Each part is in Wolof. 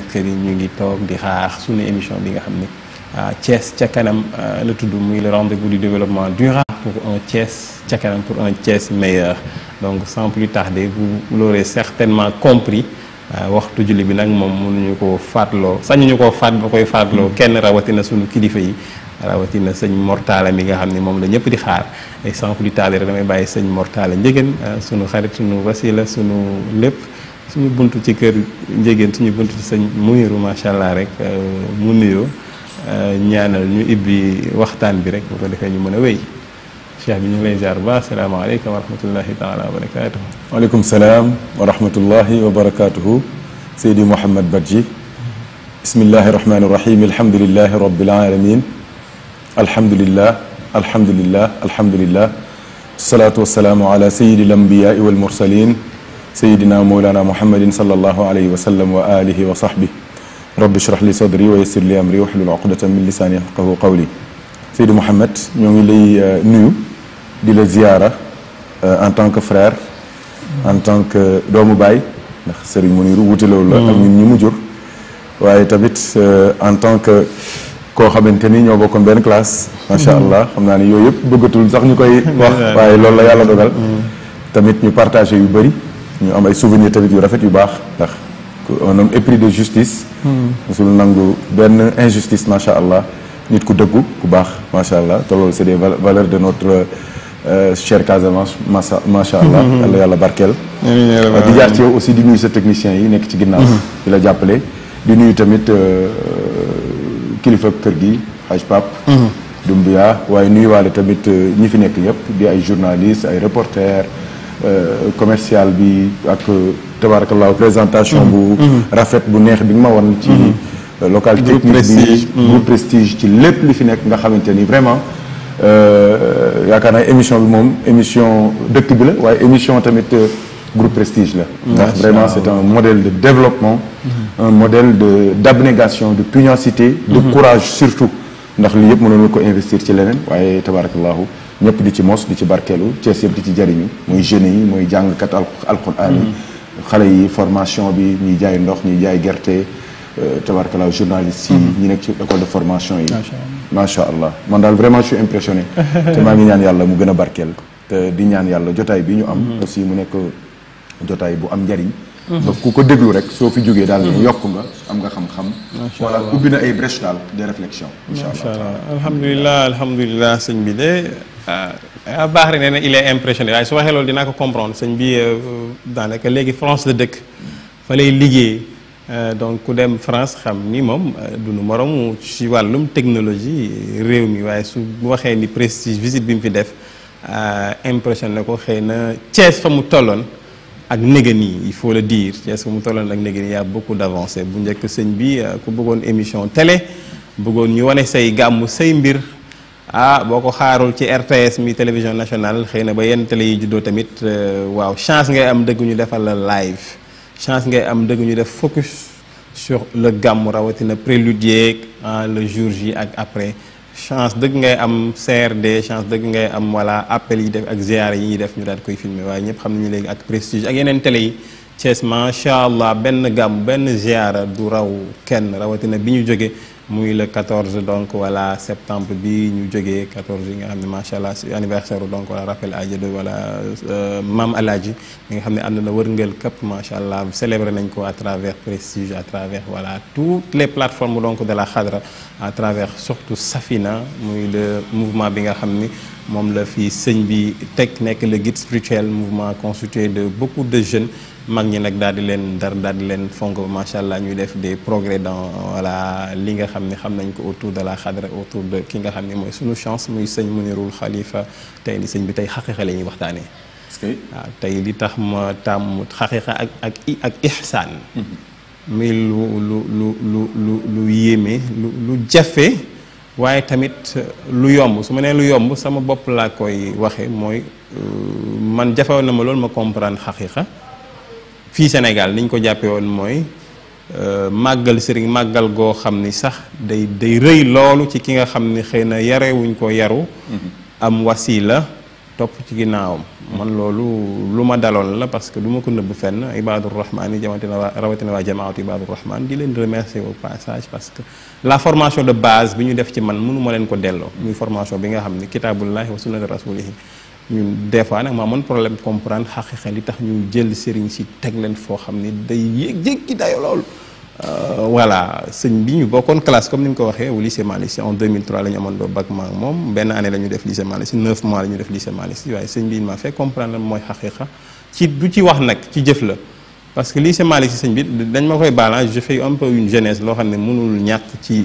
que ñu ngi toog di xaar suñu émission bi nga xam ne Thiès ca kanam euh, la tudd muy le rendez-vous du développement durable pour un Thiès ca kanam pour un Thiès meilleur donc sans plus tarder vous l'aurez certainement compris euh, waxtu julli bi nag moom mënuñu koo fàttaloo sañuñu koo faat ba koy fàttaloo mm-hmm. kenn rawatina suñu kilifa yi rawatina sëñ Mortala mi nga xam ne moom la ñëpp di xaar et sans plus tarder damay bàyyi sëñ Mortala Njëgën euh, suñu xarit suñu wasila suñu lépp. suñu buntu ci kër njegéen suñu buntu ci sëñ muniru macha allah rek mu nuyoo ñaanal ñu ibbi waxtaan bi rek bu ko defee ñu mën a wéy cheikh bi ñu ngi lay jaar ba asalaamaaleykum wa rahmatullahi taala wa barakaatuhu waaleykum salaam wa rahmatullahi wa barakaatuhu seydi mouhamad badji bismillahi rahmani rahim alhamdulilahi rabbil alamin alhamdulillah alhamdulillah alhamdulillah wasalaatu wasalaamu ala sayidi al ambiyaai wal mursalin سيدنا مولانا محمد صلى الله عليه وسلم وآله وصحبه رب اشرح لي صدري ويسر لي أمري وحل العقدة من لساني يفقه قولي سيد محمد نيومي لي نيو دي لا زيارة ان تانك فرير ان تانك دومو باي ناخ سيرن منير ووتلو لا ام ني مجور waye tamit en tant que ko xamanteni ño bokkon ben classe ma sha Allah xamna ni yoyep beugatul sax ñukoy wax waye loolu la yalla euh, dogal mm. tamit ñu partager يو bari ñu am ay souvenirs tamit yu rafet yu baax ndax un homme épris de justice. Hmm. musul nangu benn injustice macha allah nit ku dëggu ku baax macha allah te loolu c'est des valeurs de notre euh, cher Casamance macha allah. Hmm. yàlla yàlla euh, barkeel. di jaar ci yow aussi di nuyu sa technicien yi nekk ci ginnaaw. Hmm. di la jàppale di nuyu tamit euh, kilifa kër gi Haj Pap Dumbuya waaye nuyuwaale tamit ñi fi nekk yëpp di ay journalistes ay reporters. Euh, commercial bi ak tabarakallah présentation bu mm-hmm. Mm-hmm. rafet bu neex bi ma won ci mm-hmm. euh, local technique bi prestige ci lepp li fi nek nga xamanteni vraiment euh naa émission bi moom émission deuk bi la way émission tamit euh, groupe prestige là. vraiment c'est un modèle de développement. un modèle de d'abnégation de pugnacité. de courage surtout ndax lii yëpp mënoon ko investir ci leneen waaye tabarakallah ñëpp di ci mos di ci barkelu yëpp di ci muy jeunes yi muy jàngkat alquran yi mm-hmm. yi formation bi ñuy jaay ndox ñuy jaay gerte euh, journaliste yi mm-hmm. ñi nekk ci école de formation yi allah man daal vraiment je suis impressionné te maa ngi ñaan yàlla mu gën a te di ñaan yàlla jotaay bi ñu am mm-hmm. aussi mu nekk jotaay bu am Mm-hmm. ku ko déglu rek soo fi jógee daal mm-hmm. yokk nga am nga xam-xam wala ubbi na ay brèche daal de réflexion incha sëñ bi de euh, ah baax rek nee na il su waxee loolu dinaa ko comprendre sañ bi euh, daanaka léegi France la dëkk fa lay liggéey euh, donc ku dem France xam ni moom duñu moromu ci wàllum technologie réew mi waaye su waxee ni prestige visite bi mu fi def impressionné ko xëy na Thiès fa mu tolloon il faut le dire Il y a beaucoup d'avancées bu njëkk sëñ bi d'émissions. Euh, émission télé bëggoon ñu une say de say mbir ah boo RTS mi télévision nationale xëy ba télé yi juddoo tamit euh, chance ngay am faire live chance focus sur le gamme. Ah, le jour J après chance dëgg ngay am CRD chance dëgg ngay am voilà appel yi def ak ziar yi ñuy def ñu daal koy filmer waaye ñëpp xam nañu léegi ak prestige ak yeneen télé yi Thiès macha allah benn gam benn ziara du raw kenn rawatina bi ñu jógee Mui le 14 donc voilà septembre bi ñu joggé 14 nga xam ne macha allah anniversaire donc voilà rappel à de voilà euh, maam Alaaji mi nga xam ne ànd cap wërngël këpp macha allah nañ ko à travers Prestige à travers voilà toutes les plateformes donc de la Khadra à travers surtout Safina mui le mouvement bi nga xam mom la fi sëñ bi tek nek le guide spirituel mouvement constitué de beaucoup de jeunes magni nak nag di len dar daal di len fonko machallah allah ñuy def des progrès dans voilà li nga xamni ne xam nañ ko autour de la khadra autour de ki nga xamni moy mooy sunu chance muy sëñ Mounirul Khalifa tay ni sëñ bi tey xaqiqa la waxtane waxtaanee. waaw tey li tax ma tam xaqiqa ak ak ak ihsaan mhm. muy lu lu lu lu lu lu yéeme lu lu jafe waaye tamit lu yomb suma ma lu yomb sama bop la koy waxe moy euh, man jafewoon na ma loolu ma comprendre xaqiqa fii Sénégal niñ ko jàppe woon mooy euh, màggal sëriñ màggal goo xam ni sax day day rëy loolu ci ki nga xam ni xëy na yarewuñ ko yaru mm-hmm. am wasila topp ci ginnaawam man loolu lu ma daloon la parce que du ma ko nëbb fenn ibadur rahman yi jamantina waa rawatina waa jamaatu ibadur rahman di leen remercier au passage parce que la formation de base bi ñu def ci man mënuma leen ko delloo muy formation bi nga xam ni kitaabullahi wa sunnati rasulihi ñun des fois nag ma amoon problème comprendre xaqiqa li tax ñu jël sëriñ si teg leen foo xam day yéeg jéggi dayo lool. Euh, voilà sëñ bi ñu bokkoon classe comme ni ko waxé au lycée Malick en 2003 lañu amon do bac maak mom ben année lañu def lycée Malick 9 mois lañu def lycée Malick way waaye bi il m'a fait comprendre moy mooy ci du ci wax nak ci jëf la. parce que lycée Malick Sy bi dañ ma koy balancer hein, je fais un peu une jeunesse lo xamné mënul ñàkk ci.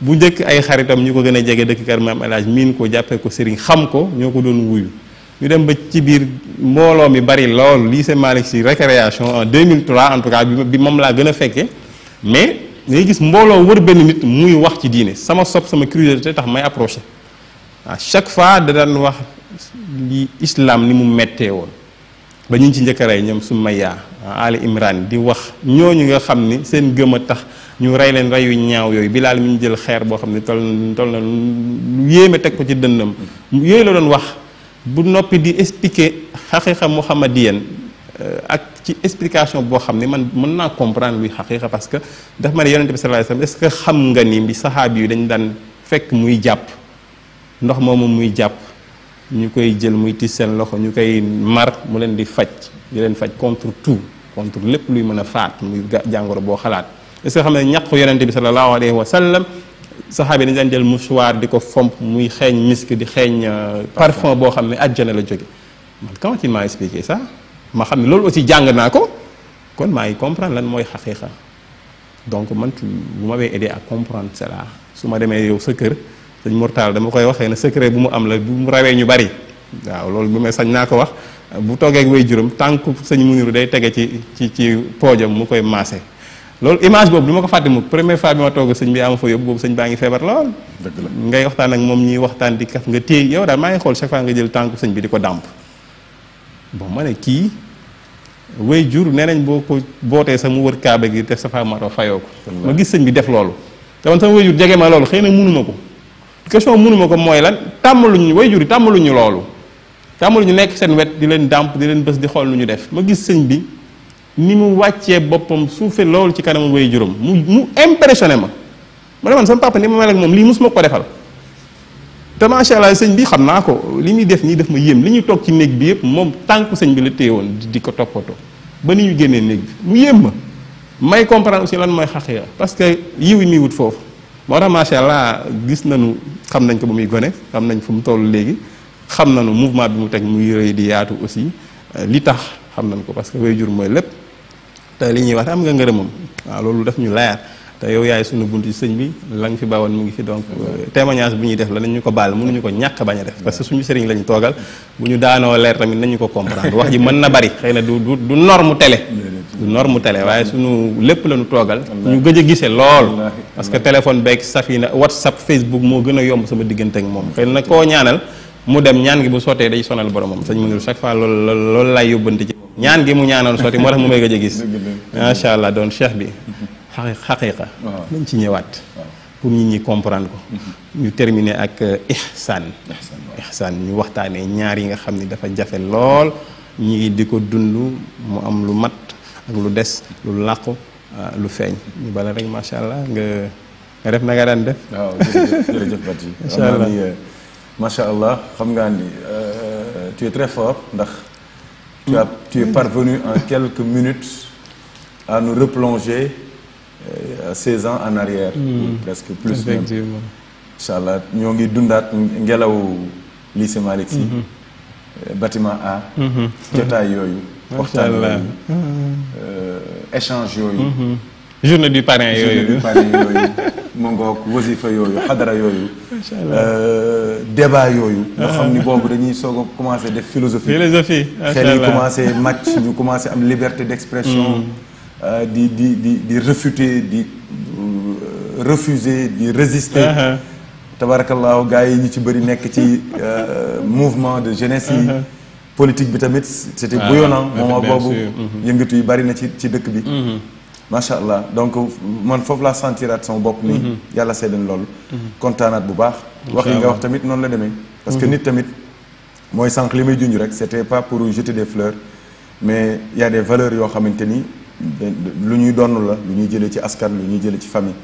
bu njëkk ay xaritam ñu ko gën a jege dëkk kër maam El Hadj miin ko jàppee ko sëriñ xam ko ñoo ko doon wuyu ñu dem ba ci biir mbooloo mi bari lool lycée Malick Sy récréation en 2003 en tout cas bi moom laa gën a fekke mais ngay gis mbooloo wër benn nit muy wax ci diine sama sob sama curiosité tax may approché à chaque fois da daan wax li islam ni mu méttee woon ba ñu ci njëkk a ñoom su ma yaa Ali Imran di wax ñooñu nga xam ni seen gëm a tax ñu rey leen reyu ñaaw yooyu Bilaal mi ñu jël xeer boo xam ne tol tol na lu yéeme teg ko ci dënnam yooyu la doon wax bu noppi di expliquer xaqiiqa muhammadiyen euh, ak ci explication boo xam ne man mën naa comprendre luy xaqiiqa parce que daf ma ne yonente bi sallallahu alayhi wasallam est ce que xam nga ni bi saxaab yi dañu daan fekk muy jàpp ndox moomu muy jàpp ñu koy jël muy tis seen loxo ñu koy mar mu leen di faj di leen faj contre contre lépp luy mën a faat muy jàngoro boo xalaat est ce que xam ne ñaqu yonente bi sallallahu alayhi wa sallam saxaabi dañ daan jël mouchoir di ko fomp muy xeeñ misk di xeeñ euh, parfum boo xam ne ajjana la jóge man quand il m'a expliqué ça ma xam ne loolu aussi jàng naa ko kon maa ngi comprendre lan mooy xaqiqa donc man tu bu ma wee aidé ak comprendre cela su ma demee yow sa kër dañ mortal dama koy waxee ne secret bu mu am la bu mu rawee ñu bari waaw loolu bu may sañ naa ko wax bu toogee ak way juróom tànk sëñ Muniru day tege ci ci ci poojam mu koy maase loolu image boobu lu ma ko fàtte mu première fois bi ma toog sëñ bi ama fa boobu sëñ baa ngi feebar lool ngay waxtaan ak moom ñuy waxtaan di kaf nga téye yow daal maa ngi xool chaque fois nga jël tànk sëñ bi di ko dàmp bon ma ne kii way jur nee nañ boo ko bootee sax mu wër kaaba gi te safa marwa fayoo ko ma gis sëñ bi def loolu te man sama way jur jege ma loolu xëy na mënuma ko question mënuma ko mooy lan tàmmaluñu way jur yi tàmmaluñu loolu te amul ñu nekk seen wet di leen damp di leen bés di xol lu ñu def ma gis señ bi ni mu wàccee boppam suufé lool ci kanam way juróom mu mu impressionné ma ma man sama papa ni ma mel ak moom lii mosuma ko defal te macha allah señ bi xam naa ko li muy def ñi def ma yéem li ñu toog ci néeg bi yëpp moom tànku señ bi la téye di ko toppatoo ba ni ñu génnee néeg bi mu yéem ma may comprendre aussi lan mooy xaqiya parce que yiw mi wut foofu moo tax macha allah gis nañu xam nañ ko ba muy gone xam nañ fu mu toll léegi xam nañu mouvement bi mu tek muy reuy di yaatu aussi euh, li tax xam nañ ko parce que way jur mooy lépp te li ñi wax am nga ngërëmam wa lolu daf ñu leer te yow yaay suñu buntu señ bi la nga fi bawon mu ngi fi donc euh, témoignage bu ñuy def la nañu ko mu ñu ko ñak baña def parce que suñu sëriñ lañ togal bu ñu daano leer tamit nañ ko comprendre wax ji mën bari xeyna du du norme télé du norme télé waye suñu lepp lañu togal ñu gëj gisé lool parce que téléphone safina whatsapp facebook mo no yomb sama mom, ak mom xeyna ko ñaanal mu dem ñaan gi bu soté day sonal boromam señ mënul chaque fois loolu loolu lay yobanti ci ñaan gi mu ñaanal sotti mo tax mu may gëjë a gis macha allah doon cheikh bi haqiqa xaqiqa nañ ci ñëwaat pour nit ñi comprendre ko mhm. ñu terminer ak euh, ihsan ihsan ñu waxtane ñaar yi nga xamni dafa jafé lool ñi ngi diko dundu mu am lu mat ak lu dess lu làqu euh, lu feñ ñu bala rek macha allah nga nga def na nga daan def waaw jërëjëf jërëjëf Badji macha allah macha allah euh, tu es très fort tu as tu es parvenu en quelques minutes à nous replonger à euh, 16 ans en arrière. Mm. presque plus même Nous allah ñoo au lycée Malick Sy. Mm-hmm. Euh, bâtiment A. Mm-hmm. jotaay yooyu. waxtaan mm-hmm. échange Yoyu, journée du parrain mu ngoog wasifa yooyu xadara yooyu. macha allah euh, débat yooyu. nga ah. xam ni dañuy Sogo, a def philosophie. philosophie match ñu commencer am liberté d'expression, de mm. euh, di di di di di euh, refuser di résister. Ah, ah. tabarakallah gaay ñi ci bari nek ci mouvement de jeunesse politique bi tamit c'était était bouillonnant moment boobu. Mm-hmm. yëngatu yi bari na ci ci dëkk bi. Mm-hmm macha allah donc man foofu laa sentiraat sama bopp nii mhm. yàlla seddeen loolu mhm. kontaanaat bu baax wax yi nga wax tamit non la demee parce que mhm. nit tamit mooy sànq li may junj rek c'était pas pour jeter des fleurs mais y a des valeurs yoo xamante ni ben, lu ñuy donn la lu ñuy jëlee ci askan lu ñuy jëlee ci famille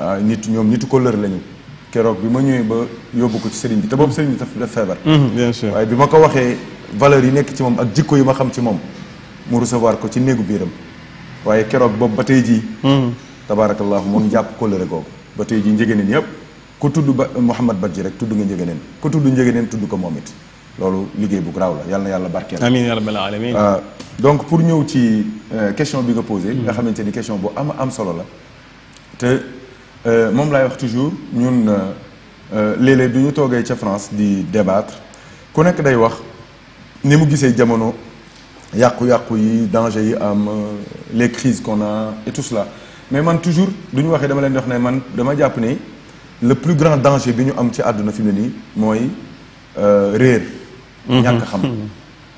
ah, nit ñoom nitu ko lër lañu keroog bi ma ñëwee ba yóbbu ko ci sëriñ bi te boobu sëriñ bi daf def feebar bien sûr waaye bi ma ko waxee valeurs yi nekk ci moom ak jikko yi ma xam ci moom mu recevoir ko ci néegu biiram waaye keroog boobu ba tey jii hmm. tabaarakallah mu ngi jàpp kóllëre googu ba tey jii njëgëneen yëpp ku tudd ba Mouhamad Badji rek tudd nga njëgëneen ku tudd njëgëneen tudd ko moom it loolu liggéey bu garaaw la yal na yàlla barkeel amiin yaa rabbal aalamiin euh, donc pour ñëw ci euh, question bi nga posé hmm. nga xamante ni question bu am am solo la te euh, moom laay wax toujours ñun léeg-léeg du ñu toogee ca France di débattre ku nekk day wax ni mu gisee jamono yàqu-yàqu yi danger yi am les crises qu'on a et tout cela mais man toujours duñ ñu dama len wax né man dama japp né le plus grand danger bi ñu am ci aduna fi mu moy euh mhm. mhm. ah, mooy ñak xam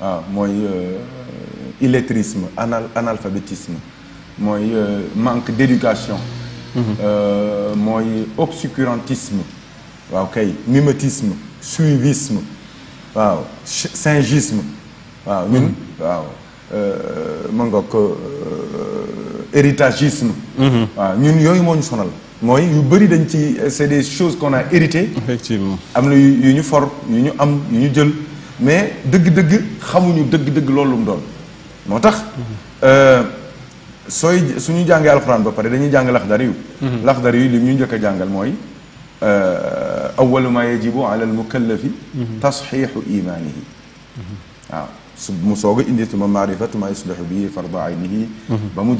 wa moy euh illettrisme anal analphabétisme mooy euh, manque d'éducation. moy mhm. euh, obscurantisme. wa kay mimétisme suivisme wa singisme. waaw ñun héritagisme ñun yooyu moo sonal mooy yu bëri dañ ci c'est des choses qu'on a hérité effectivement am na ñu for ñu am ñu jël mais dëgg-dëgg xamuñu dëgg-dëgg loolu mu doon moo tax sooy suñu jàngee alxuraan ba pare dañuy jàng laxdar yu laxdar yu li ñu njëkk a jàngal mooy awalu ma yajibu ala almukallafi tasxiixu imaanihi waaw مسوغ اندي تما معرفه ما يصلح به فرض عينه بامو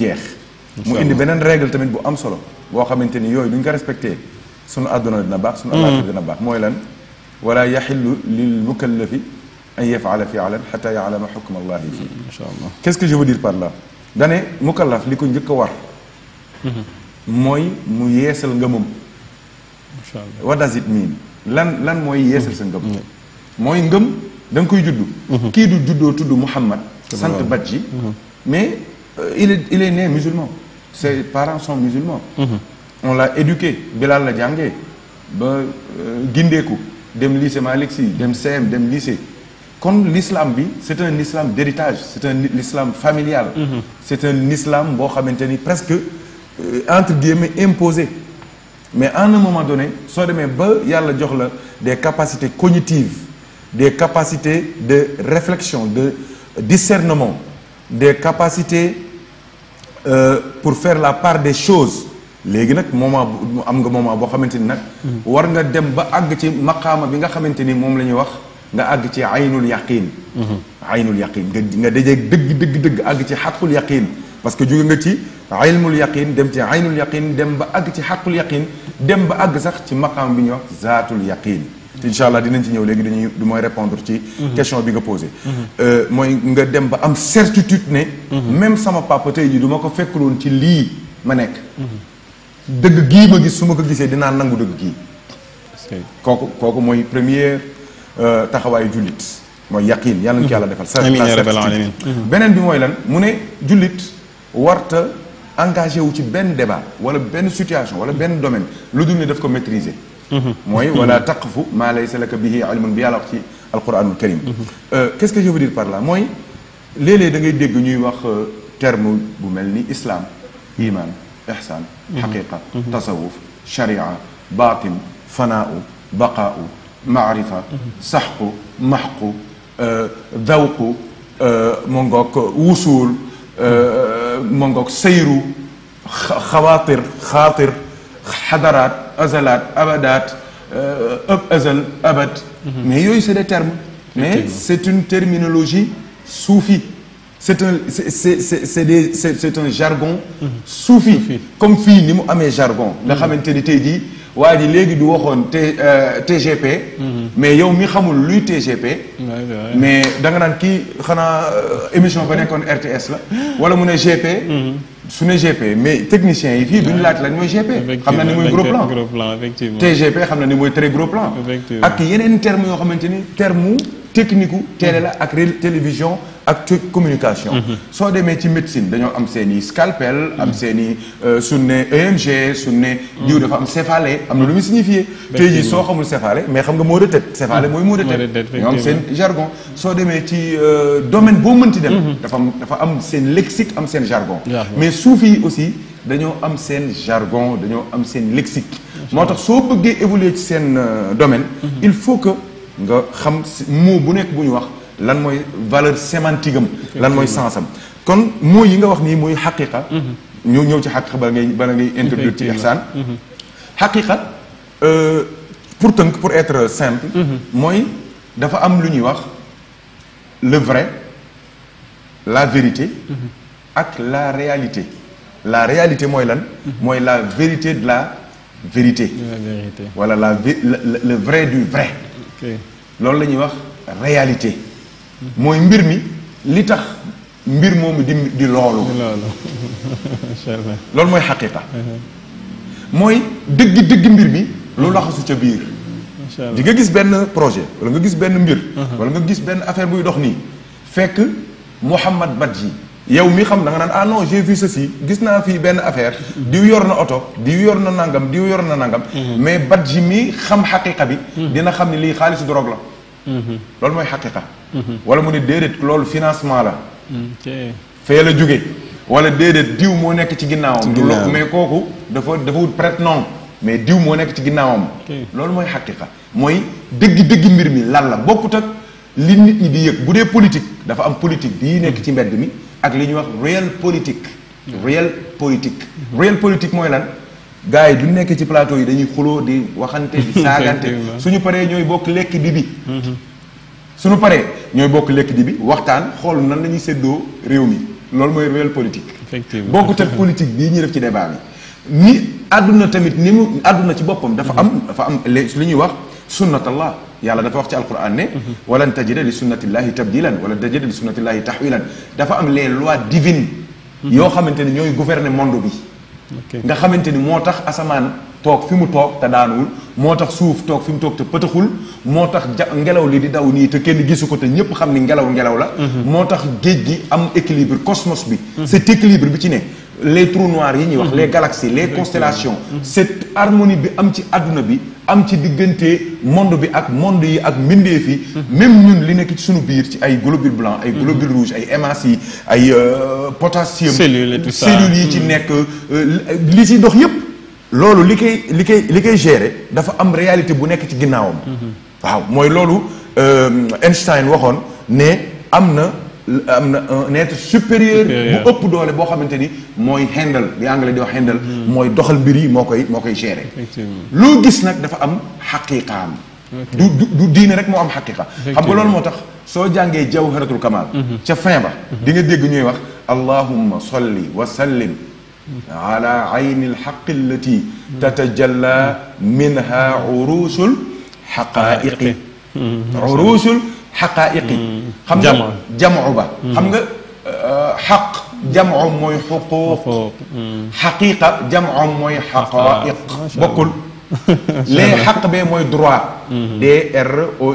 مو اندي بنن ريغل تامن بو ام سولو بو خامتيني يوي دون ريسبكتي سونو ادونا دنا باخ سونو الاخر دنا باخ موي لان ولا يحل للمكلف ان يفعل فعلا حتى يعلم حكم الله فيه ان شاء الله كيسك جو بدير بار لا داني مكلف ليكو نيكا وار موي مو ييسل غموم ان شاء الله وات داز ات مين لان لان موي ييسل سان غموم موي غموم da nga koy qui mhm. est du juddoo de Muhammad, sant Badji. Mhm. mais euh, il est il est né musulman. ses parents sont musulmans. Mhm. on l'a éduqué Bilal la jàngee ba euh, gindeeku dem lycée Malick dem CM dem lycée Comme l'islam c'est un islam d'héritage c'est un islam familial. c'est un islam bon presque euh, entre guillemets imposé. mais à un moment donné il demee ba jox la des capacités cognitives des capacités de réflexion, de discernement, des capacités euh, pour faire la part des choses léegi nag moment am nga moment boo xamante ni nag war nga dem ba àgg ci maqaama bi nga xamante ni moom la wax nga ag ci aynul yaqin aynul yaqin nga nga deug deug dëgg dëgg ci xaqul yaqin parce que jóge nga ci ilmul yaqin dem ci aynul yaqin dem ba ag ci xaqul yaqin dem ba ag sax ci maqam bi ñuy wax yaqin incha dinañ ci ñëw légui dañuy du mooy répondre ci mhm. question bi nga posé moy mhm. euh, nga dem ba am certitude né mhm. même sama papa tay ji duma ma ko fekkloon ci li ma nekk dëgg gii ma gis suma ko gisee dina nangu deug gi koku koku moy premier euh jullit julit moy yàlla yalla ko yalla defal certitude beneen bi moy lan mu ne jullit warta engagé wu ci ben débat wala ben situation wala ben domaine lu dul ne daf ko maîtriser moy wala taqfu ma laysa lak bihi ilmun bi alaq wax ci alquranul karim qu'est-ce que je veux dire par là moy lélé da ngay dégg ñuy wax terme bu melni islam iman ihsan haqiqa tasawuf sharia batin fanaau baqaau ma'rifa saxqu maxqu dawqu mongok usul mongok sayru xawaatir xaatir xadaraat Azalat, Abadat, Up euh, azal abad mhm. mais c'est des termes mais c'est une terminologie soufi c'est un c'est un jargon mhm. soufi comme fini ni nous amee jargon mhm. nga xamante dit nous jii TGP euh, mais yow mi xamul lui TGP mais da nga qui euh, émission RTS la wala mu GP suñu GP mais technicien il vit duñu GP. Ils un gros plan TGP très gros plan. ak yeneen terme un terme technique télé télévision ak communication. Soit des métiers médecine dañoo am scalpel. Mhm. am sonné EMG suñu céphalée am na lu muy signifié. mais xam nga mot de tête. céphalée tête jargon. soit des métiers euh, domaine mënti dem. Mhm. dafa lexique jargon. mais soufi aussi dañoo am jargon am lexique. que évoluer ci euh, domaine. Mhm. il faut que nga xam mot bonnet, lan moy valeur sémantique lan moy sens kon moy yi nga wax ni moy haqiqa mhm. ñoo ñew ci haqiqa ba ngay bala ngay introduire ci ihsaan mhm. euh, pour tënk pour être simple moy mhm. dafa am lu ñuy wax le vrai la vérité ak la réalité la réalité moy lan moy la vérité de la vérité wala la le vrai du vrai loolu la ñuy wax réalité mooy mbir mi li tax mbir moomu di di loolu loolu mooy xaqiqa uh-huh. mooy dëgg dëgg mbir mi lu uh-huh. laxasu ca biir di nga gis benn projet wala nga gis benn mbir uh-huh. wala nga gis benn affaire buy dox nii fekk Mouhamad Badji yow mi xam da nga naan ah non j'ai vu ceci gis naa fi benn affaire diw yor na oto diw yor na nangam diw yor na nangam mais Badji mi xam xaqiqa bi dina xam ni lii xaalis drogue la Mm-hmm. loolu mooy xaqiqa mm-hmm. wala mu ne déedéet loolu financement la mm-hmm. fee la jóge wala déedéet diw moo nekk ci ginnaawam mais kooku dafa dafa wut mais diw moo nekk ci ginnaawam loolu mooy xaqiqa mooy dëgg dëgg mbir mi lan la bokkut ak li nit ñi di yëg bu dee politique dafa am politique bii nekk ci mbedd mi ak li ñuy wax réel politique réel politique réel politique mooy lan gars yi du nekk ci plateau yi dañuy xuloo di waxante di saagante suñu paree ñooy bokk lekk di bi suñu paree ñooy bokk lekk di bi waxtaan xool nan la ñuy séddoo réew mi loolu mooy réel politique bokkut ak politique bii ñu def ci débat bi ni àdduna tamit ni mu àdduna ci boppam dafa am dafa am li ñuy wax sunnatallah yàlla dafa wax ci alquran ne walan tajida li sunnatillahi tabdilan wala tajida li sunnatillahi tahwilan dafa am les lois divines mhm. yoo xamante ne ñooy gouverner monde bi nga xamante ni moo tax asamaan toog fi mu toog te daanuwul moo tax suuf toog fi mu toog te pëtaxul moo tax ja ngelaw li di daw nii te kenn gisu ko te ñëpp xam ni ngelaw ngelaw la mhm. moo tax géej gi am équilibre cosmos bi mhm. cet équilibre bi ci ne les trous noirs yi ñuy wax les mhm. galaxies les constellations cette harmonie bi am ci àdduna bi am ci diggante monde bi ak monde yi ak mbindeef yi. même ñun li nekk ci suñu biir ci ay globules blancs ay globules mhm. rouges ay hémas ay euh, potassium. cellules et tout ça cellules yi ci mhm. nekk euh, li ci dox yépp loolu li koy li koy li koy gérer dafa am réalité bu nekk ci ginnaawam. Mhm. waaw mooy loolu euh, Einstein waxoon ne am na. am na un être supérieur bu ëpp doole boo xamante ni mooy handle li anglais di wax handle hmm. mooy doxal mbir yi moo koy moo koy gérer loo gis nag dafa am xaqiqaam du du diine rek moo am xaqiqa xam nga loolu moo tax soo jàngee jawharatul kamal hmm. ca fin ba di nga dégg ñuy wax allahumma salli wa sallim ala a alxaqi allati hmm. tatajalla minha urusul xaqaiqi urusul xaqaayiqi hmm. xam nga jamu ba hmm. xam nga uh, xaq jamu mooy xuquuq hmm. xaqiiqa jamu mooy xaqaayiq bokkul lee xaq bee mooy droit d r o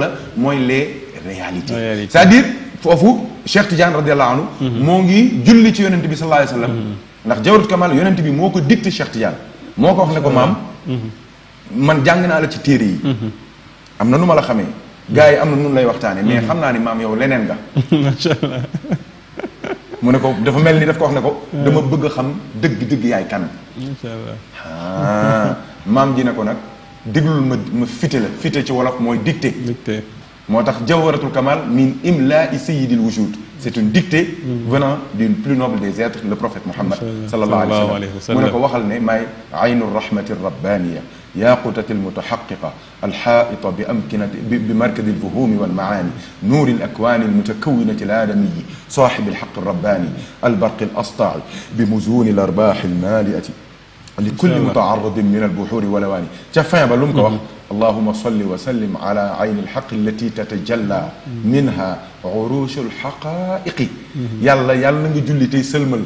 la mooy les réalités c'est-à-dire foofu Cheikh Tidiane radiallahu anhu moo ngi julli ci yonent bi sallallahu alayhi wa sallam ndax bi moo ko dicté Cheikh Tidiane moo ko wax ne ko maam man jàng naa la ci téere yi am na nu ma la xamee gars yi am na nun lay waxtaane mais xam naa ni maam yow leneen nga macha allah mu ne ko dafa mel ni daf ko wax ne ko dama bëgg a xam dëgg-dëgg yaay kan macha allah maam ji ne ko nag déglul ma ma fite la fite ci wolof mooy dicté moo tax jawharatul kamal min imlaa'i sayyidil wujud c'est une dictée venant d'une plus noble des êtres le prophète Muhammad sallallahu alayhi wa sallam mu ne ko waxal ne maay aynu rahmati rabbaniya ياقوتة المتحققة الحائطة بأمكنة بمركز الفهوم والمعاني نور الأكوان المتكونة الآدمي صاحب الحق الرباني البرق الأسطع بمزون الأرباح المالئة لكل متعرض من البحور والأواني جفا بلومك اللهم صل وسلم على عين الحق التي تتجلى منها عروش الحقائق يلا يلا نجي جولي تي سلمل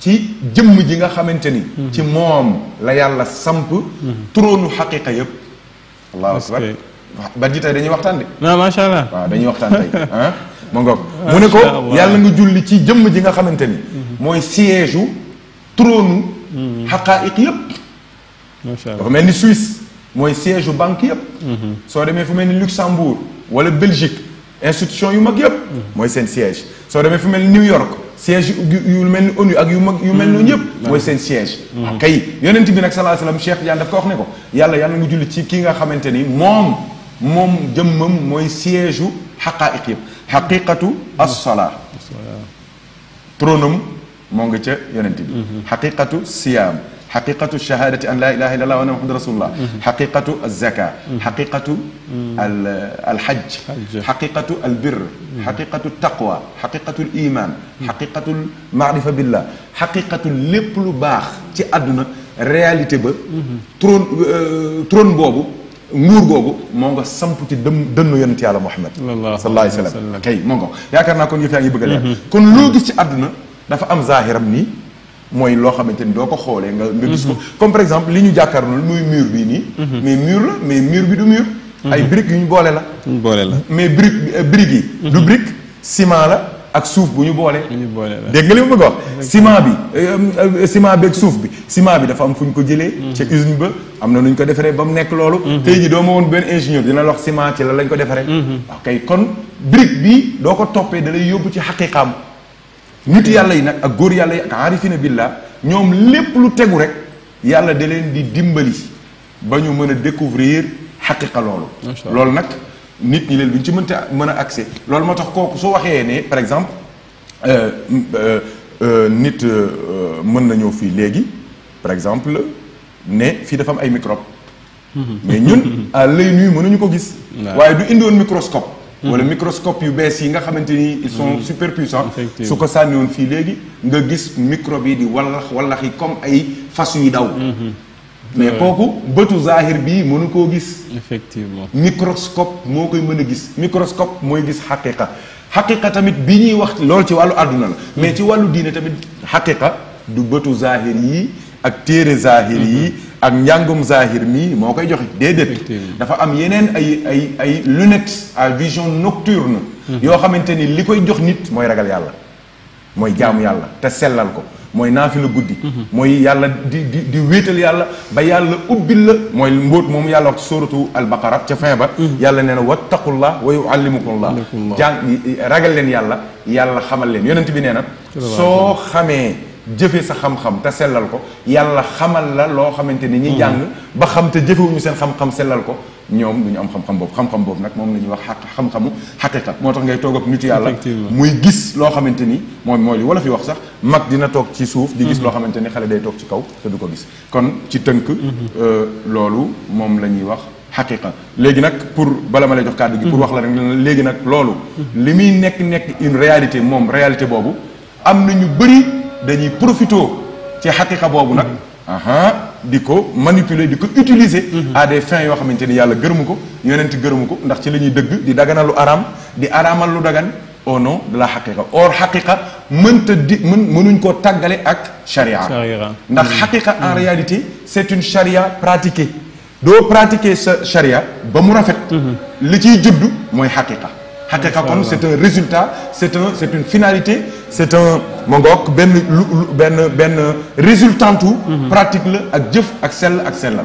ci jëm ji nga xamanteni ci mom la yalla samp trônu xaqiqa yëpp allahu akbar ba di tay dañuy waxtan de na sha allah wa dañuy waxtan tay ah mo ngok mu ne ko yalla nga julli ci jëm ji nga xamanteni moy mhm. siège u haqaiq mhm. yeb ma sha allah dafa ni suisse moy siège banque yeb mhm. so demee fu melni luxembourg wala belgique institution yu mag yeb moy sen siège so demee fu melni new york siège yu mel ni ONU ak yu mag yu mel noonu yëpp mm-hmm. mooy seen siège mm-hmm. kay yonent bi nag sallallahu alayhi wasallam Cheikh Tidiane daf ko wax ne ko yàlla yàlla nga julli ci ki nga xamante ni moom moom jëmmam mooy siège u xaqaa'iq yëpp xaqiqatu as-salaa mm-hmm. moo nga ca yonent bi xaqiqatu siyaam حقيقة الشهادة أن لا إله إلا الله وأن محمد رسول الله حقيقة الزكاة حقيقة الحج حقيقة البر حقيقة التقوى حقيقة الإيمان حقيقة المعرفة بالله حقيقة لبل باخ تي أدنى رياليتي با ترون بوبو نور بوبو مونغا سامبوتي دنو يونتي على محمد صلى الله عليه وسلم كي مونغا ياكرنا كون يفاني بغلا كون لو غيس تي أدنى دا فا أم ظاهرام ني mooy loo xamante ni doo ko xoolee nga nga gis mhm. comme par exemple li ñu jàkkaarlool muy mur bii nii mhm. mais mur la mais mur bi du mur mhm. ay briques yu ñu boole la boole la mais brique euh, briques yi du brique ciment la ak suuf bu ñu boole dégg nga li bëgg wax ciment bi euh, euh, ciment bi ak bi ciment bi dafa am fu ñu ko jëlee ca usine ba am na nu ñu ko defaree ba mu nekk loolu tey ji ma woon benn ingénieur dina la wax ciment ci la lañ ko defaree ok kon brique bi doo ko topé da lay yóbbu ci xaqiqaam nit yàlla yi nag ak góor yàlla yi ak aarifina billah ñoom lépp lu tegu rek yàlla da leen di dimbali ba ñu mën a découvrir xaqiqa loolu loolu nag nit ñi leen duñ ci mënta mën a accès loolu moo tax kooku soo waxee ne par exemple euh, euh, euh, nit mën na fii léegi par exemple ne fii dafa ay microbe mm-hmm. mais ñun à l'œil nu mënuñu ko gis waaye du indoon microscope wala microscope yu bees yi nga xamante ni ils sont mm-hmm. super puissants su ko sànni fii léegi nga gis microbe yi di wallax wallax yi comme ay fas yuy daw mm-hmm. mais kooku bëtu zahir bii mënu koo gis effectivement microscope moo koy mën a gis microscope mooy gis xaqiqa xaqiqa tamit bi ñuy wax loolu ci wàllu àdduna la mais ci wàllu diine tamit xaqiqa du bëtu zahir yi ak téere zahir yi mhm. ak njàngum zahir mii moo koy joxe déedéet dafa am yeneen ay ay ay lunettes à vision nocturne mhm. yoo xamante ni li koy jox nit mooy ragal yàlla mooy jaamu yàlla te sellal ko mooy naafilu guddi mhm. mooy yàlla di di di wéetal yàlla ba yàlla ubbil la mooy mbóot moom yàlla wax ci sóoratu ca fin ba yàlla nee na wattaqullah wa yuallimukumullah jàng ragal leen yàlla yàlla xamal leen yonent bi nee na soo xamee jëfee sa xam-xam te sellal ko yàlla xamal la loo xamante ni ñi hmm. jàng ba xam te jëfewuñu seen xam-xam sellal ko ñoom du ñu am xam-xam boobu xam-xam boobu nag moom la ñuy wax xaq xam-xamu xaqiqa moo tax ngay toog ak nitu yàlla muy gis loo xamante ni moom mooy li fi wax sax mag dina toog ci suuf di gis hmm. loo xamante ni xale day toog ci kaw te du ko gis kon ci tënk hmm. euh, loolu moom la ñuy wax xaqiqa léegi nag pour bala ma lay jox kàddu gi pour wax la rek léegi nag loolu li muy nekk nekk une réalité moom réalité boobu am na ñu bëri dañuy profito ci haqiqa bobu nak di diko manipuler diko utiliser mhm. à des fins yo xamanteni yalla geureumuko gërëmu ko yonent gërëmu ndax ci la ñuy dëgg di daganalu lu di arama lu dagan au nom de la haqiqa or haqiqa mënta di mën mënuñ tagale act ak sharia ndax haqiqa mhm. en mhm. réalité c'est une Sharia pratiquée do pratiquer ce Sharia ba mu rafet li ci judd moy haqiqa Hatekakom, c'est un résultat, c'est un, c'est une finalité, c'est un mongok ben ben ben résultant tout mhm. pratique le ak jëf ak sell ak sellal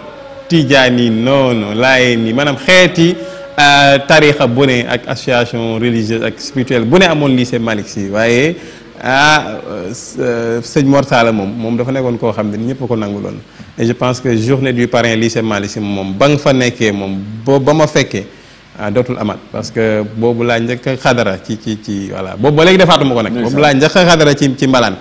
tijaan non noonu laayeen yi maanaam xeeti euh, tarixa bu ak association religieuse ak spirituelle bu Amon lycée Malick Sy waaye ah euh, euh, sëñ Mor Talla moom moom dafa nekkoon koo pour ne ko nanguloon et je pense que journée du parrain lycée Malick Sy moom ba nga fa nekkee moom ba ba ma Ah, dotul amat parce que bobu laa njëkk xadara ci ci ci voilà bobu ba légui defaatuma ko nak bobu laa njëkk xadara ci ci mbalan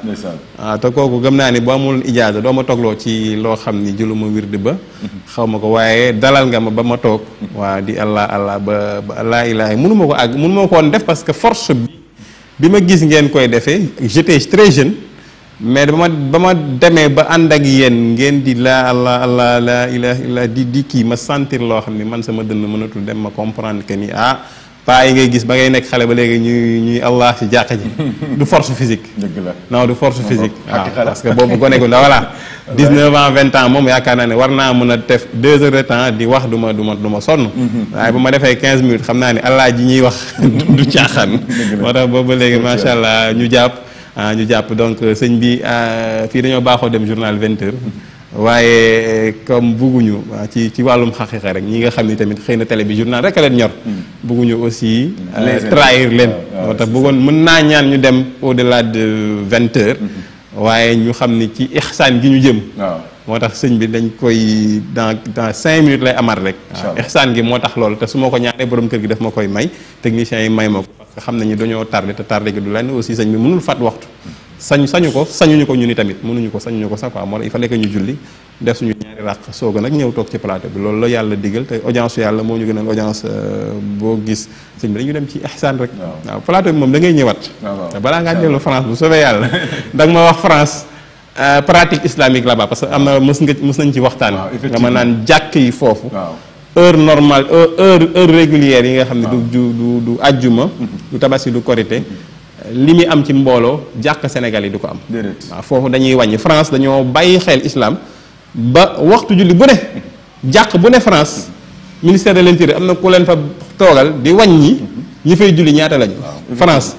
ah te koku gëm ni bo amul ijaza do ma toklo ci lo xamni ni jëlu ba mhm. waaye dalal nga ma ba ma tok mhm. wa di allah allah ba la ilaha ilaaha mënu ma ko àgg mënu def parce que force bi gis ngeen koy defé j'étais très jeune mais ba ma ba ma demee ba ànd ak yéen ngeen di laa allah allah di di kii ma sentir loo xam ni man sama dënn mënatul dem ma comprendre que ni ah paa yi ngay gis ba ngay nekk xale ba léegi ñuy ñuy allah ci jàkka ji du force physique. dëgg la non du force physique. waaw ah, parce que boobu gone gu la voilà. 19 ans 20 ans moom yaakaar naa ne war naa mën a def 2 heures de temps di wax du ma du ma du ma sonn. Mm-hmm. Mm-hmm. waaye bu ma defee quinze minutes xam naa ne allah ji ñuy wax du caaxaan. moo boobu ba léegi macha allah ñu jàpp. Ah, ñu jàpp donc sëñ bi ah, fii dañoo baaxoo dem journal 20 waaye comme bugguñu ah, ci ci wàllum xaqiqa rek ñi nga xam ni tamit xëy na télé bi journal rek leen ñor hmm. bugguñu aussi trahir leen moo tax bëggoon mën naa ñaan ñu dem au de 20 heures hmm. waaye ñu xam ni ci ixsaan gi ñu jëm motax tax bi dañ koy dans dans 5 minutes lay amar rek ihsan gi motax tax te su ma ko ñaanee borom kër gi daf ma koy may technicien yi may mako parce que xamnañu dañu tardé te tardé gi du lén aussi sëñ bi mënul fat waxtu sañu sañu ko sañuñu ko ñu ni tamit mënuñu ko sañuñu ko sax quoi moo il fallait que ñu julli def suñu ñaari ràq sooga nak ñew tok ci plateau bi loolu la yalla diggal te audience yalla mo ñu gënal audience euh, bo gis sëñ bi dañu dem ci ihsan rek plateau mom da ngay ñëwaat balaa nga ñëlu France bu sobe yalla dag ma wax France Euh, pratique islamique là-bas parce que am na mës nga mës nañ ci waxtaan. nga mën naan jàkk yi foofu. heure normale heure heure régulière yi nga xam ne du du du du ajjuma mhm. du tabaski li muy am ci mbooloo jàkk Sénégal yi du ko am foofu dañuy wàññi France dañoo bàyyi xel islam ba waxtu julli bu ne jàkk bu ne France ministère de l'intérieur am na ku leen fa toogal di wàññi mhm. ñi fay julli ñaata lañu France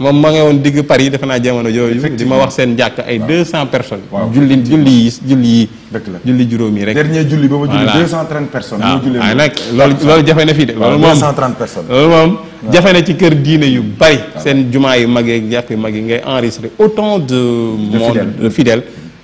moom ma nga woon digg Paris defe naa jamono jooju di ma wax seen jàkk ay deux cent personnes julli julli yi julli yi dëgg la julli juróom yi rek dernier julli ba ma julli deux cent trente personnes waaw nag loolu loolu jafe na fii de loolu moom deux jafe na ci kër diine yu bari seen jumaa yu mag yi jàkk yu mag yi ngay enregistrer autant de monde de fidèles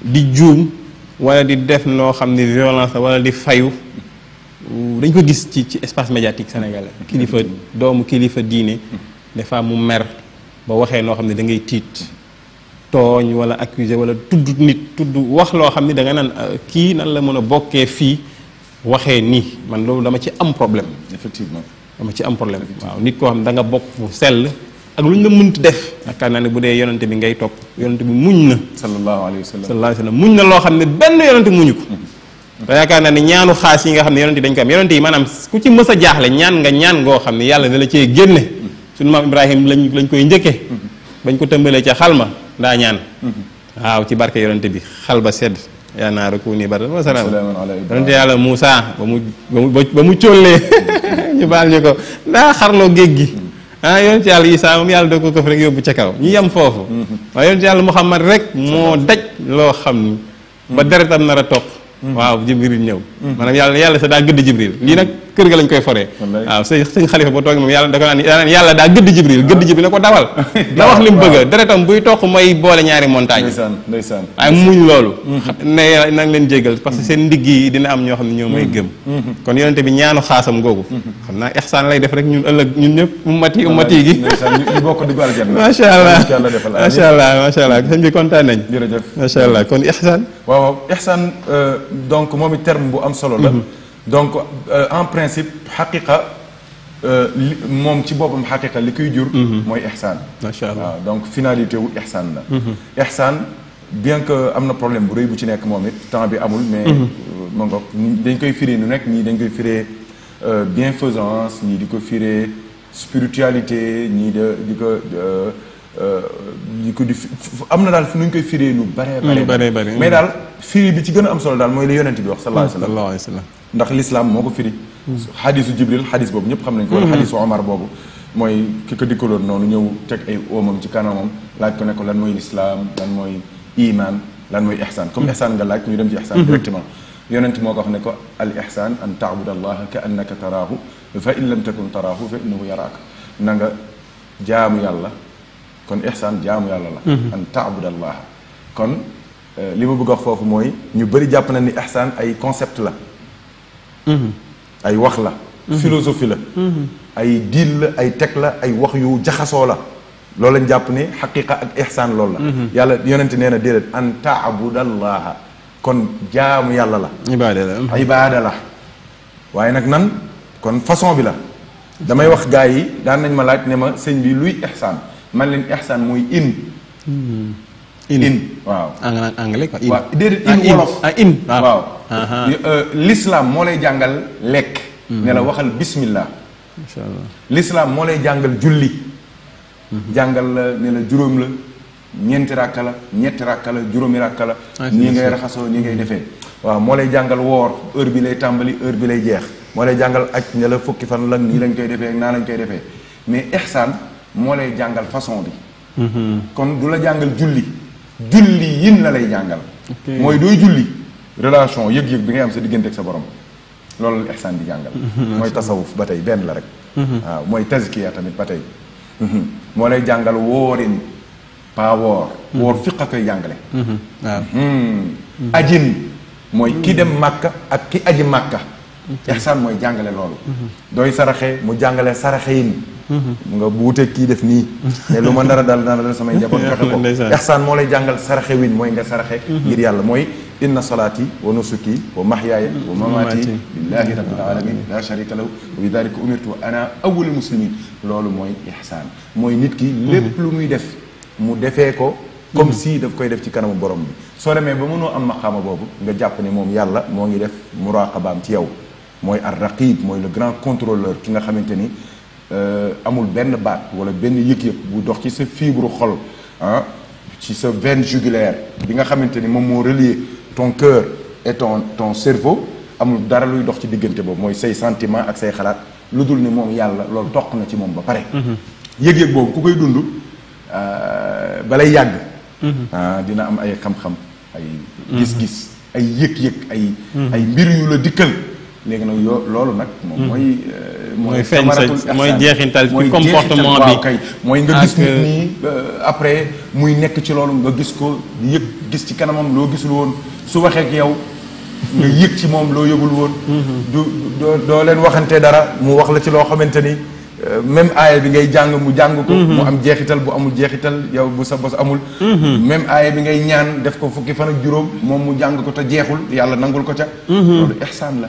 di juum wala di def noo xam ne violence la wala di fayu dañ ko gis ci ci espace médiatique sénégalais mm-hmm. kilifa doomu kilifa diine des fois mu mer ba waxee noo xam ne da ngay tiit tooñ wala accusé wala tudd nit tudd wax loo xam ne danga nga naan euh, kii nan la mën a bokkee fii waxee nii man loolu dama ci am problème effectivement dama ci am problème waaw nit koo xam ne da nga bokk fu sell ak luñ la mënti def yaakaar naa ne bu bi ngay topp yonante bi muñ na sallallahu alayhi wasallam. sallallahu alayhi wa sallam muñ na loo xam ne benn yonante muñu ko te yaakaar naa ne ñaanu xaas yi nga xam ne yonante dañ ko am yonante yi maanaam ku ci mës a ñaan nga ñaan ngoo xam ne yàlla da la suñu maam ibrahim lañ lañ koy njëkke bañ ko tëmbalee ca xalma daa ñaan waaw ci barke yonante bi xal ba sedd yaa naa rek nii barke wa salaam yonante yàlla Moussa ba mu ba mu ba ñu baal ñu ko daa xarloo ah yonent yàlla Isaa moom yàlla da ko këf rek yóbbu ca kaw ñu yem foofu mhm. waaye yonent yàlla Muhammad rek moo daj loo xam ni ba mhm. deretam nar a toq mhm. waaw Jibril ñëw maanaam yàlla yàlla sa daa gëdd Jibril lii nag kër ga lañ koy foree waaw sëñ sëñ xalifa ba toog moom yàlla da ko naan gëdd jibril gëdd jibril ne ko dawal na wax li mu bëgg a deretam buy toq mooy boole ñaari montagne ndeysaan ndeysaan waaye muñ loolu mm-hmm. ne nang leen jéggal parce que seen ndigg yi dina am ñoo xam ne ñoo may mm-hmm. gëm mm-hmm. kon yonente bi ñaanu xaasam googu xam naa ihsaan lay def rek ñun ëllëg ñun ñëpp ummati ummati gi macha allah macha allah macha allah sëñ bi kontaan nañ jërëjëf macha allah kon ihsaan waaw ihsaan euh, donc moom i terme bu am solo la donc euh, en principe xaqiqa euh, li moom ci boppam xaqiqa li koy jur. Mhm. mooy ihsaan. macha allah donc finalité wu ihsaan la. Mhm. ihsaan bien que am na problème bu rëy bu ci nekk moom it temps bi amul. mais mhm. euh, ma dañ koy firee nu nekk ñii dañ koy firee bienfaisance ñii di ko firee spiritualité ñii de di ko. di ko di am na daal nu ñu koy firee lu mm, bare bare mais mm. daal firi bi ci gën a am solo daal mooy li yonent bi wax sallallahu alayhi wa sallam mm, ndax lislaam moo ko firi xadisu jibril xadis boobu ñëpp xam nañ ko wala mm-hmm. xadisu omar boobu mooy ki ko dikkaloon noonu ñëw teg ay oomam ci kanamam laaj ko ne ko lan mooy lislaam lan mooy iman lan mooy ihsaan comme mm-hmm. ihsaan nga laaj ñu dem ci ihsaan mm-hmm. directement yonent moo ko wax ne ko al ihsaan an taabud allaha ka annaka taraahu fa in lam takun taraahu fa innahu yaraaka na nga jaamu yàlla kon ihsaan jaamu yàlla la an taabud allaha kon euh, li ma bëgg a foofu mooy ñu bëri jàpp na ni ihsaan ay concept la ay wax la philosophie la ay diil la ay teg la ay wax yu jaxasoo la loolu lañ jàpp ne xaqiqa ak ihsaan loolu la mhm. yàlla yonente nee na déedéet an taabudallaha kon jaamu yàlla la ibaada la ibaada la waaye nag nan kon façon bi la damay wax gars yi daan nañ ma laaj ne ma sëñ bi luy ihsaan man leen ihsaan muy in mhm. in waaw anglais anglais quoi in waaw déedéet ah, in wolof ah in ah. waaw eh, l'islam moo lay mhm. ne la waxal bismillah inshallah l'islam moo lay jàngal julli mhm. jàngal la ne la juróom la ñeenti rakk la ñetti rakk la juróomi rakk la ah, nii ngay raxasoo nii ngay defee waaw moo lay jàngal woor heure bi lay tàmbali heure bi lay jeex lay ne la fukki fan la lañ koy ak lañ koy mais lay façon bi mhm. kon du la Juli. julli julli yin la lay jàngal. mooy dooy julli relation yëg-yëg bi ngay am sa diggante ak sa borom loolu la ihsaan di jàngal. Mhm, mooy tasawuf ba tey benn la rek. Mhm. waaw mooy tazkiya tamit ba tey. Mhm. moo lay jàngal woorin pas woor. woor fiq a koy jàngale. ajin mooy ki dem màkka ak ki aji màkka. ihsaan mooy jàngale loolu. dooy saraxe mu jàngale saraxe yin Mm-hmm. nga wuute kii def nii mm-hmm. ne lu ma dara daal dana dal samay njaboot joxe ko ihsaan moo lay jàngal saraxe win mooy nga saraxe mm-hmm. ngir yàlla mooy inna salaati wa nusuki wa mahyaaya wa mamaati lillahi rabbil alamin la sharika lahu wa bi dalika umirtu wa ana awwalul muslimin loolu mooy ihsaan mooy nit ki lépp lu muy def mu defee ko comme si daf koy def ci kanamu borom bi soo demee ba mënoo am maqaama boobu nga jàpp ne moom yàlla moo ngi def muraqabaam ci yow mooy ar ki nga xamante ni Euh, amul ben baat wala ben yëg-yëg bu dox ci sa fibre xol ah ci sa veine jugulaire bi nga xamante ni moom moo relier ton cœur et ton ton cerveau amul dara luy dox ci diggante boobu mooy say sentiment ak say xalaat lu dul ni moom yàlla loolu toq na ci moom ba pare. Mhm. yëg-yëg boobu ku koy dund euh, balay yàgg. Mhm. Ah, dina am ay xam-xam ay. Mhm. gis-gis ay yëg-yëg ay. ay mbir yu la dikkal léegi nag yoo loolu nag. moom mooy. Euh, mooy feeñ sa mooy jeexintal ci comportement bi kay mooy nga gis nit nii euh, euh, après muy nekk ci loolu nga gis ko yëg gis ci kanamam loo gisul woon su waxee ak yow nga yëg ci moom loo yëgul woon mm-hmm. du doo leen waxante dara mu wax la ci loo xamante ni euh, même aaya bi ngay jàng mu jàng ko mm-hmm. mu am jeexital bu amul jeexital yow bu sa bos amul mm-hmm. même aaya bi ngay ñaan def ko fukki fan ak juróom moom mu jàng ko te jeexul yàlla nangul ko ca loolu ihsaan la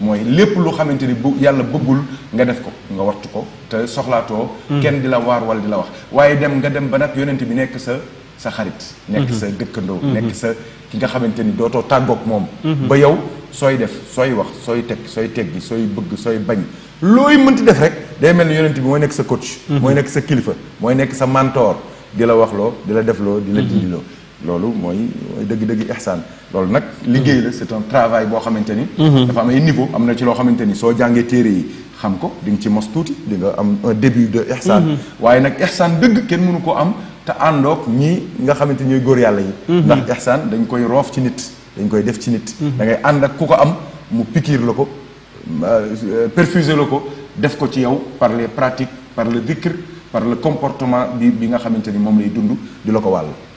mooy lépp lu xamante ni bu yàlla bëggul nga def ko nga waxtu ko te soxlaatoo hmm. kenn di la waar wala di la wax waaye dem nga dem ba nag yonent bi nekk sa sa xarit nekk hmm. sa dëkkandoo hmm. nekk sa ki nga xamante ni dootoo tàggoog moom ba yow sooy def sooy wax sooy teg sooy teggi sooy bëgg sooy bañ looy mënti def rek day mel ni yonent bi mooy nekk sa coach mooy nekk sa kilifa mooy nekk sa mantoor di la waxloo di la defloo di la dindiloo loolu mooy dëgg-dëgg ihsaan loolu nag liggéey la c'est un travail boo xamante ni mhm. dafa am ay niveau am na ci loo xamante ni soo jàngee téere yi xam ko di nga ci mos tuuti di nga am un début de ihsaan mhm. waaye nag ihsaan dëgg kenn mënu ko am te àndoog ñii nga xamante ñooy góor yàlla yi mhm. ndax ihsaan dañ koy roof ci nit dañ koy def ci nit da ngay ànd ak ku ko am mu pikiir la ko euh, perfuser la ko def ko ci yow par les pratiques par le dhikr par le comportement bi bi nga xamante ni moom lay dund di la ko wàll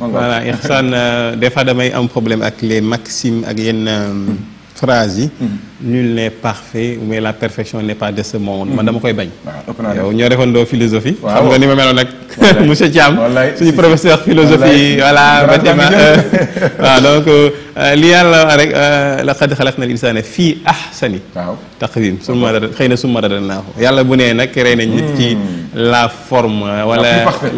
voilà Ihsan euh, des fois damay am problème avec les maximes ak une euh, phrase mm-hmm. nul n'est parfait mais la perfection n'est pas de ce monde. man dama mm-hmm. koy bañ. yow ñoo defandoo philosophie. xam nga ni ma meloon nak monsieur Thiam suñu professeur philosophie. voilà madame. li yàlla rek laqad xalaqna al insana fii ahsani taqvim summa rada xëy na summa la yàlla bu la nag rey la nit ci la forme wala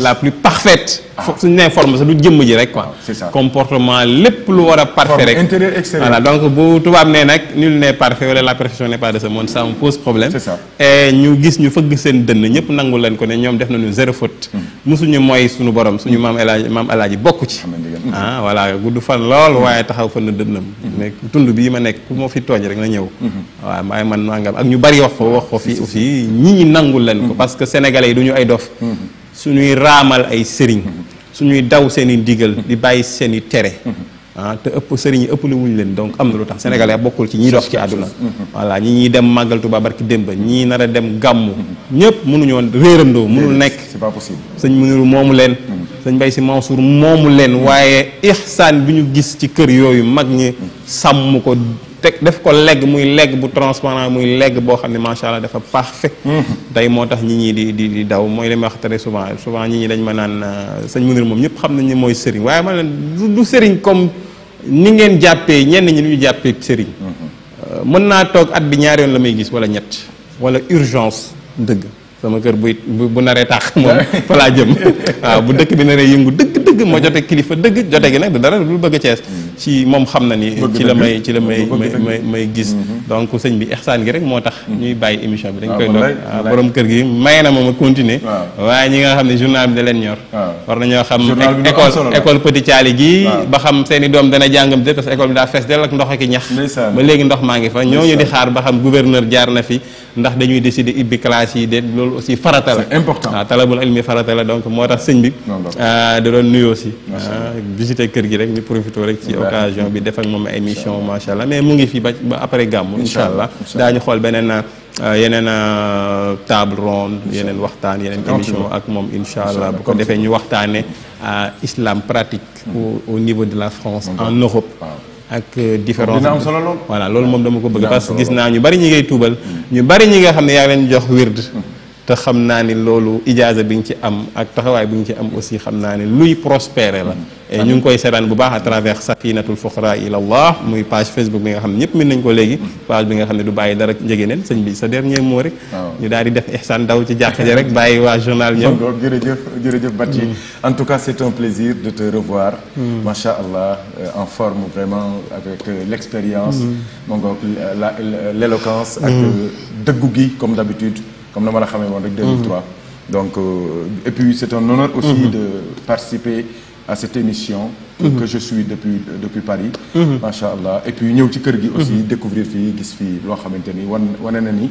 la plus parfaite ah. foog suñu nee forme sax du jëmm ji rek quoi ah, comportement lépp lu war la parfait rek intérieur extérieur voilà donc bu tubaab nee nag nul n'est parfait wala la perfection n'est pas de ce monde ça me pose problème et ñu gis ñu fëgg seen dënn ñëpp nangu leen ko ne ñoom def nañu zéro faute hmm. musuñu mooy suñu borom suñu maam alaaji maam alaaji bokk ci hmm. ah voilà gudd fan lool waaye taxaw taw fa na mais tund bii ma nekk ku ma fi tooñ rek na ñëw waaw maay man nangam ak ñu bari wax ko wax ko fi aussi ñi ñi nangul leen ko parce que sénégalais yi du ñu ay dof su ñuy raamal ay sëriñ su ñuy daw seen i ndigal di bàyyi seen i tere ah te ëpp sëriñ yi ëpp lu wuñu leen donc am na lu tax sénégalais bokkul ci ñiy dox ci àdduna voilà ñi ñuy dem màggal Tuubaa barki démba ñii nar a dem gàmmu ñëpp mënuñoo réerandoo mënul nekk c'est pas possible sëñ moomu leen mm. sëñ Mbay Si Mansour moomu leen waaye ihsaan bi ñu gis ci kër yooyu mag ñi mm. sàmm ko teg def ko legg muy legg bu transparent muy legg boo xam ne macha allah dafa parfait mm. tey moo tax ñi ñi di di di daw mooy li ma wax très souvent ñi dañ ma naan euh, sëñ Muniru moom ñëpp xam nañ mooy sëriñ waaye ma leen du sëriñ comme ni ngeen jàppee ñenn ñi ni ñu jàppee sëriñ mm-hmm. euh, mën naa toog at bi ñaari yoon la may gis wala ñett wala urgence dëgg sama kër buy bu naree tax moom fa waaw ah, bu dëkk bi naree yëngu dëgg dëgg moo jote kilifa dëgg jote gi nag du dara du bëgg a cees mm-hmm. ci moom xam na ni ci la may ci la may may may gis mhm. donc sëñ bi ihsaan gi rek moo tax mhm. ñuy bàyyi émission bi dañ ah, koy doon ah, borom kër gi may na ma ma continuer waaye ñi nga xam ne journal bi da leen ñor war na nañoo xam école école Petit Thialy gi ba xam seen i doom dana jàngam de parce que bi daa fees del ak ndox ak i ñax ba léegi ndox maa ngi fa ñooñu di xaar ba xam gouverneur jaar na fi ndax dañuy décider ibbi classe yi de loolu aussi farata la c'est important waaw ah, talabul ilmi farata donc moo tax sëñ bi ah, da doon nuyoo si ah, visiter kër gi rek ñu profité rek ci occasion bi def ak moom émission macha allah mais mu ngi fi ba après gàmmu incha allah daañu xool beneen yeneen table ronde yeneen waxtaan yeneen émission ak moom incha allah bu ko defee ñu waxtaane islam pratique hmm. au niveau de la France hmm. en Europe ak euh, différence dina am solo lool voilà loolu moom dama ko bëgg parce que gis naa ñu bari ñi ngay tuubal mm. ñu bari ñi nga xam ne yaa leen jox wird te xam naa ni loolu ijaaza bi ñu ci am ak taxawaay bi ñu ci am aussi xam naa ne luy prospérer la mm. et nous avons koy seetaan bu à travers safinatul fuqara ilallah la page facebook bi nga xam ne ñëpp mën nañ ko léegi page bi nga xam ne du bàyyi dara njëgeeneen sëñ bi sa dernier mot rek ñu daal di def ihsan daw ci jàkka ja rek bàyyi journal ñëw Bati mm. en tout cas c'est un plaisir de te revoir mm. Masha'Allah, euh, en forme vraiment avec euh, l'expérience mm. euh, l'éloquence ak dëggu gi comme d'habitude comme nous ma la en 2003 et puis c'est un honneur aussi mm-hmm. de participer à cette émission mhm. que je suis depuis depuis Paris mhm. macha allah et puis ñëw ci kër gi aussi mhm. découvrir fii gis fii loo xamante ni wan wane ni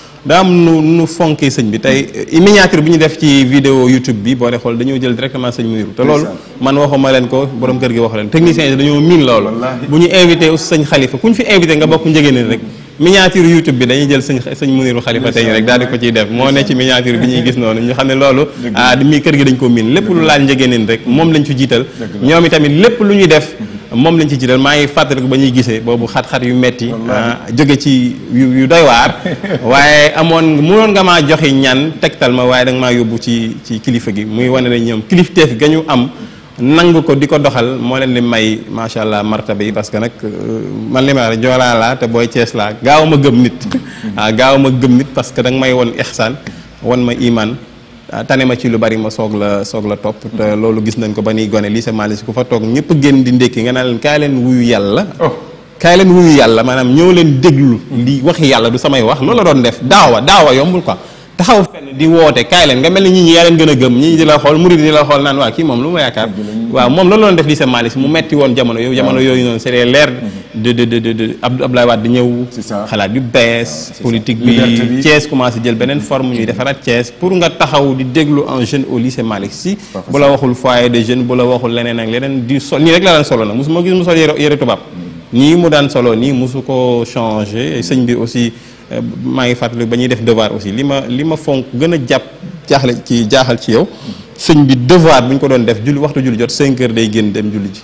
daa am nu nu fonkee sëñ bi tey miniature bi ñu def ci vidéo YouTube bi boo dee xool dañoo jël directement sëñ Mourou te loolu man waxuma leen ko borom kër gi wax leen techniciens yi dañoo miin loolu bu ñu invité us sëñ xalifa ku ñu fi invité nga bokk njëgeen rek miniature YouTube bi dañuy jël sëñ sëñ Mounirou Khalifa tey rek daal di ko ciy def moo ne ci miniature bi ñuy gis noonu ñu xam ne loolu ah mi kër gi dañ ko miin lépp lu laal njëgeen rek moom lañ ci jiital ñoom itamit lépp lu ñuy def moom lañ ci jiital maa ngi fàttaliku ba ñuy gisee boobu xat-xat yu metti ah, jóge ci yu doy waar waaye amoon mënoon nga maa joxe ñan tegtal ma waaye da maa yóbbu ci ci kilifa gi muy wane ne ñoom kilifteef ga ñu am nangu ko di ko doxal moo leen di may macha allah martaba yi parce que nag euh, man li ma wax joolaa te booy cees laa gaaw ma gëm nit waaw ah, gaaw ma gëm nit parce que da nga may won ihsaan won ma iman Ah, tane ma ci lu bari ma soog la soog la topp te loolu gis nañ ko ba nuy gone lii lycée Malick ku fa toog ñëpp génn di ndékki nga naa leen kaay leen wuyu yàlla oh. kaay leen wuyu yàlla maanaam ñëw leen déglu li waxi yàlla du samay wax loolu la doon def daawa daawa yombul ko taxaw fenn di woote kaay leen nga mel ni ñi ñi yaa leen gën a gëm ñi di la xool murid di la xool naan waa kii moom lu ma yaakaar waaw moom loolu doon def li sa maalis mu metti woon jamono yooyu noonu c'est l'air mm-hmm. de de de de Abdou ñëw xalaat yu bees politique bi Thiès commencé jël beneen mm-hmm. forme ñuy defaraat Thiès pour nga taxaw di déglu un jeune au lycée Malick Sy bu la waxul foyer de jeunes bu la waxul leneen ak leneen di sol nii rek la daan solo nag mosuma gis mu mm-hmm. ko changé sëñ Euh, maa ngi fàttali ba ñuy def devoir aussi li ma li ma fonk gën a jàpp jaaxle ci jaaxal ci yow sëñ bi devoir bu ñu ko doon def julli waxtu julli jot 5 heures day génn dem julli ji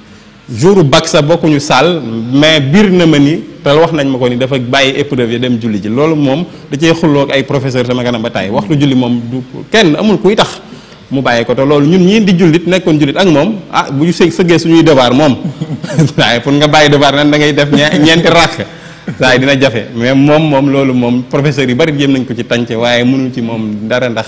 jouru bac sa bokkuñu saal mais biir na ma ni te wax nañ ma ko ni dafa bàyyi épreuve yi dem julli ji loolu moom da cee xulloog ay professeur sama kanam ba tàyyi waxtu julli moom du kenn amul kuy tax mu bàyyi ko te loolu ñun ñii di jullit nekkoon jullit ak moom ah bu ñu sëggee suñuy devoir moom waaye pour nga bàyyi devoir nan da ngay def ñeenti rakk saa yi dina jafe mais moom moom loolu moom professeur yi bari jéem nañ ko ci tànce waaye mënul ci moom dara ndax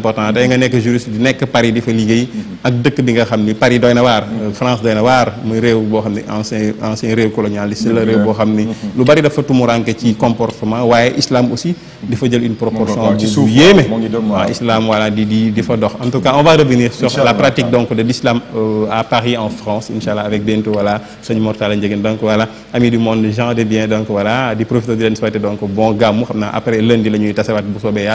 important tey nga nekk juriste di nekk Paris di fa liggéey mhm. ak dëkk bi nga xam Paris doy na euh, France doy na waar muy réew boo xam ne ancien ancien réew colonialiste la réew boo xam de mhm. lu bari dafa tumuranke ci comportement waaye islam aussi di fa jël une proportion bu yéeme waaw ah, islam voilà di di di fa dox en tout cas on va revenir sur la pratique donc de l'islam euh, à Paris en France inchallah avec bientôt voilà sëñ Mortala Ndiéguène donc voilà Ami du monde gens de bien donc voilà di profiter di leen souhaiter donc bon gàmmu après lundi la ñuy tasewaat bu soobee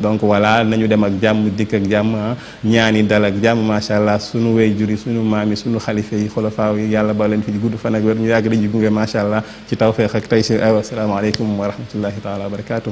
donc voilà nañu dem ak jàmm dikk ak jàmm ah. ñaani yi dal ak jàmm macha allah sunu way juri sunu maam yi sunu xalifa yi xolofaaw yi yàlla ba leen fi gudd fan ak wér ñu yàgg di gunge macha allah ci tawfeex ak tey si aywa asalaamaaleykum wa rahmatullahi taala wa barakaatu.